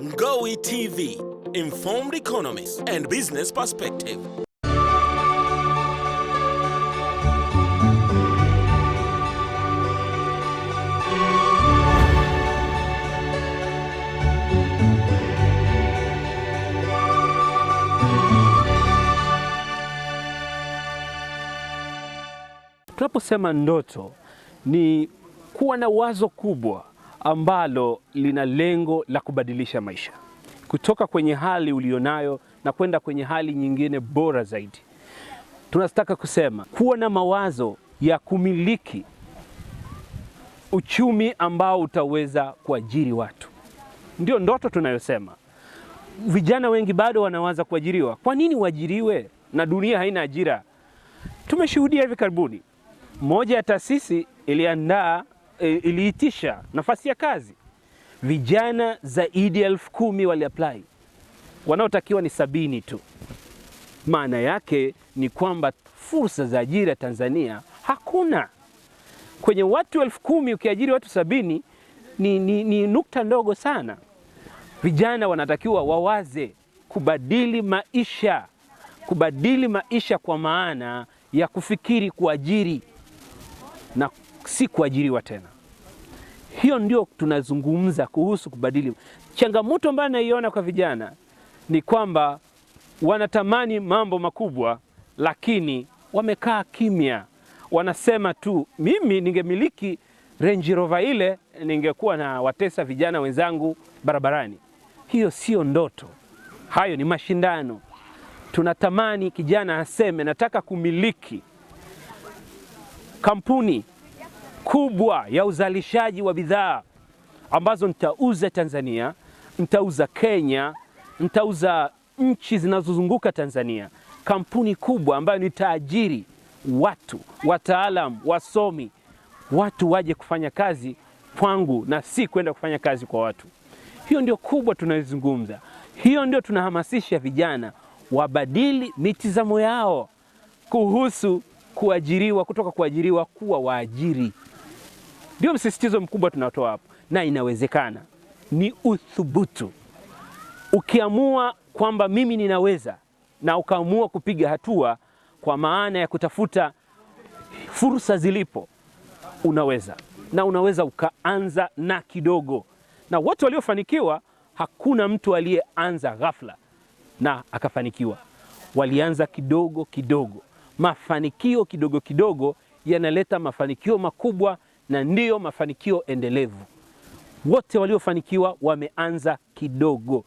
Ngowi TV, informed economists and business perspective. Tunaposema ndoto ni kuwa na wazo kubwa ambalo lina lengo la kubadilisha maisha kutoka kwenye hali ulionayo na kwenda kwenye hali nyingine bora zaidi. Tunataka kusema kuwa na mawazo ya kumiliki uchumi ambao utaweza kuajiri watu, ndio ndoto tunayosema. Vijana wengi bado wanawaza kuajiriwa. Kwa nini waajiriwe na dunia haina ajira? Tumeshuhudia hivi karibuni, moja ya taasisi iliandaa E, iliitisha nafasi ya kazi, vijana zaidi ya elfu kumi waliapply, wanaotakiwa ni sabini tu. Maana yake ni kwamba fursa za ajira Tanzania hakuna. Kwenye watu elfu kumi ukiajiri watu sabini ni, ni, ni nukta ndogo sana. Vijana wanatakiwa wawaze kubadili maisha, kubadili maisha kwa maana ya kufikiri kuajiri na si kuajiriwa tena. Hiyo ndio tunazungumza kuhusu kubadili. Changamoto ambayo naiona kwa vijana ni kwamba wanatamani mambo makubwa, lakini wamekaa kimya, wanasema tu, mimi ningemiliki Range Rover ile ningekuwa na watesa vijana wenzangu barabarani. Hiyo sio ndoto, hayo ni mashindano. Tunatamani kijana aseme nataka kumiliki kampuni kubwa ya uzalishaji wa bidhaa ambazo nitauza Tanzania, nitauza Kenya, nitauza nchi zinazozunguka Tanzania, kampuni kubwa ambayo nitaajiri watu wataalamu, wasomi, watu waje kufanya kazi kwangu na si kwenda kufanya kazi kwa watu. Hiyo ndio kubwa tunayozungumza, hiyo ndio tunahamasisha vijana wabadili mitizamo yao kuhusu kuajiriwa, kutoka kuajiriwa kuwa waajiri. Ndio msisitizo mkubwa tunatoa hapo, na inawezekana. Ni uthubutu. Ukiamua kwamba mimi ninaweza, na ukaamua kupiga hatua kwa maana ya kutafuta fursa zilipo, unaweza na unaweza ukaanza na kidogo. Na watu waliofanikiwa, hakuna mtu aliyeanza ghafla na akafanikiwa. Walianza kidogo kidogo. Mafanikio kidogo kidogo yanaleta mafanikio makubwa na ndiyo mafanikio endelevu. Wote waliofanikiwa wameanza kidogo.